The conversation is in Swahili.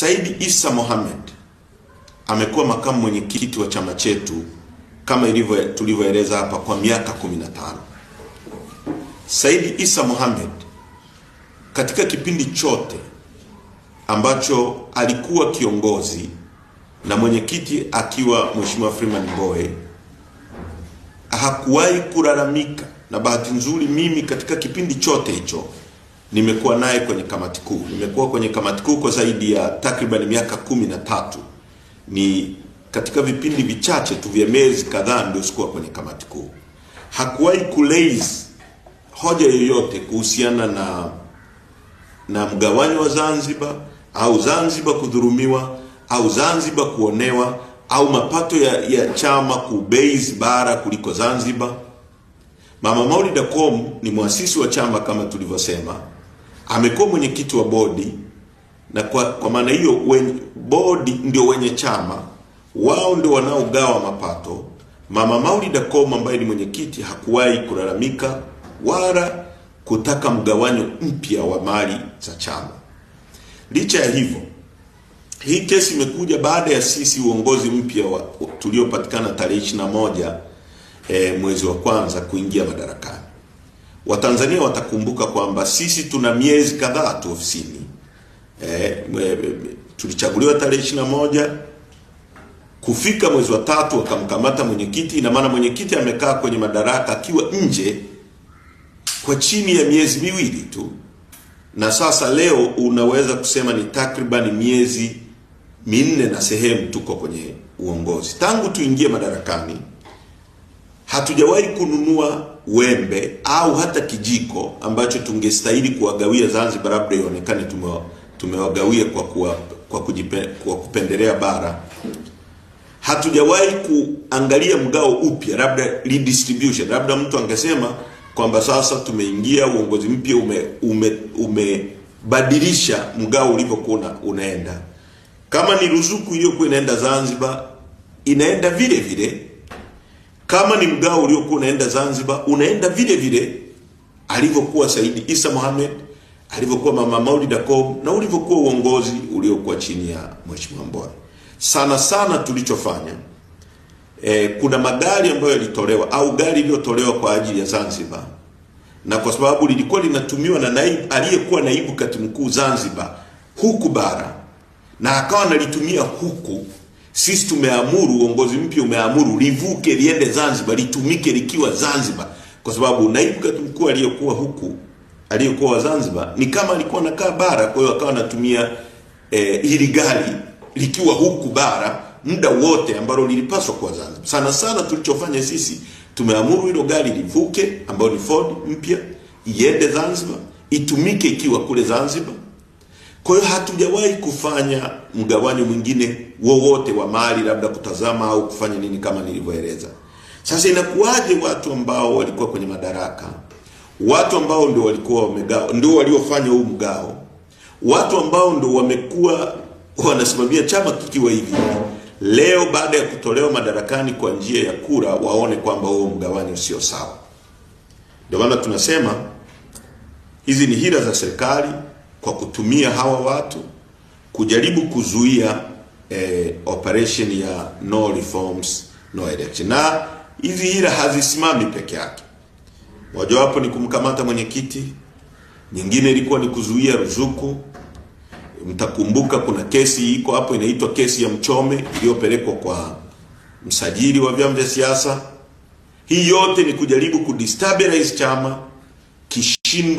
Said isa Mohamed amekuwa makamu mwenyekiti wa chama chetu kama ilivyo tulivyoeleza hapa kwa miaka 15. Said isa Mohamed katika kipindi chote ambacho alikuwa kiongozi na mwenyekiti akiwa Mheshimiwa Freeman Mbowe hakuwahi kulalamika, na bahati nzuri mimi katika kipindi chote hicho nimekuwa naye kwenye kamati kuu. Nimekuwa kwenye kamati kuu kwa zaidi ya takriban miaka kumi na tatu. Ni katika vipindi vichache tu vya miezi kadhaa ndio sikuwa kwenye kamati kuu. Hakuwahi kulaise hoja yoyote kuhusiana na na mgawanyo wa Zanzibar au Zanzibar kudhurumiwa au Zanzibar kuonewa au mapato ya, ya chama kubase bara kuliko Zanzibar. Mama Maulida ni mwasisi wa chama kama tulivyosema amekuwa mwenyekiti wa bodi na kwa, kwa maana hiyo bodi ndio wenye chama wao ndio wanaogawa mapato. Mama Maulida Komu ambaye ni mwenyekiti hakuwahi kulalamika wala kutaka mgawanyo mpya wa mali za chama. Licha ya hivyo, hii kesi imekuja baada ya sisi uongozi mpya tuliopatikana tarehe 21 e, eh, mwezi wa kwanza kuingia madarakani. Watanzania watakumbuka kwamba sisi tuna miezi kadhaa tu ofisini. eh, tulichaguliwa tarehe ishirini na moja kufika mwezi wa tatu wakamkamata mwenyekiti. Ina maana mwenyekiti amekaa kwenye madaraka akiwa nje kwa chini ya miezi miwili tu, na sasa leo unaweza kusema ni takriban miezi minne na sehemu tuko kwenye uongozi tangu tuingie madarakani hatujawahi kununua wembe au hata kijiko ambacho tungestahili kuwagawia Zanzibar, labda ionekane tumewagawia kwa, kuwa, kwa, kujipe, kwa kupendelea bara. Hatujawahi kuangalia mgao upya, labda redistribution, labda mtu angesema kwamba sasa tumeingia uongozi mpya umebadilisha ume, ume mgao ulivyokuwa unaenda. Kama ni ruzuku iliyokuwa inaenda Zanzibar, inaenda vile vile kama ni mgao uliokuwa unaenda Zanzibar, unaenda vile vile alivyokuwa Saidi Isa Mohamed, alivyokuwa Mama Maulida Kob na ulivyokuwa uongozi uliokuwa chini ya Mheshimiwa Mbowe. Sana sana tulichofanya e, kuna magari ambayo yalitolewa au gari iliyotolewa kwa ajili ya Zanzibar, na kwa sababu lilikuwa linatumiwa na naibu aliyekuwa naibu katibu mkuu Zanzibar huku bara, na akawa analitumia huku sisi tumeamuru, uongozi mpya umeamuru livuke liende Zanzibar, litumike likiwa Zanzibar, kwa sababu naibu katibu mkuu aliyekuwa huku aliyekuwa Zanzibar ni kama alikuwa anakaa bara, kwa hiyo akawa anatumia eh, hili gari likiwa huku bara muda wote ambalo lilipaswa kuwa Zanzibar. Sana sana tulichofanya sisi tumeamuru hilo gari livuke, ambayo ni Ford mpya, iende Zanzibar, itumike ikiwa kule Zanzibar kwa hiyo hatujawahi kufanya mgawanyo mwingine wowote wa mali, labda kutazama au kufanya nini kama nilivyoeleza. Sasa inakuwaje watu ambao walikuwa kwenye madaraka, watu ambao ndio walikuwa wamegao, ndio waliofanya huu mgao, watu ambao ndio wamekuwa wanasimamia chama kikiwa hivi leo baada ya kutolewa madarakani kwa njia ya kura waone kwamba huo mgawanyo sio sawa. Ndio maana tunasema hizi ni hila za serikali kwa kutumia hawa watu kujaribu kuzuia eh, operation ya no reforms no election. Na hizi hila hazisimami peke yake, mojawapo ni kumkamata mwenyekiti, nyingine ilikuwa ni kuzuia ruzuku. Mtakumbuka kuna kesi iko hapo inaitwa kesi ya Mchome iliyopelekwa kwa msajili wa vyama vya siasa. Hii yote ni kujaribu kudestabilize chama kishindwe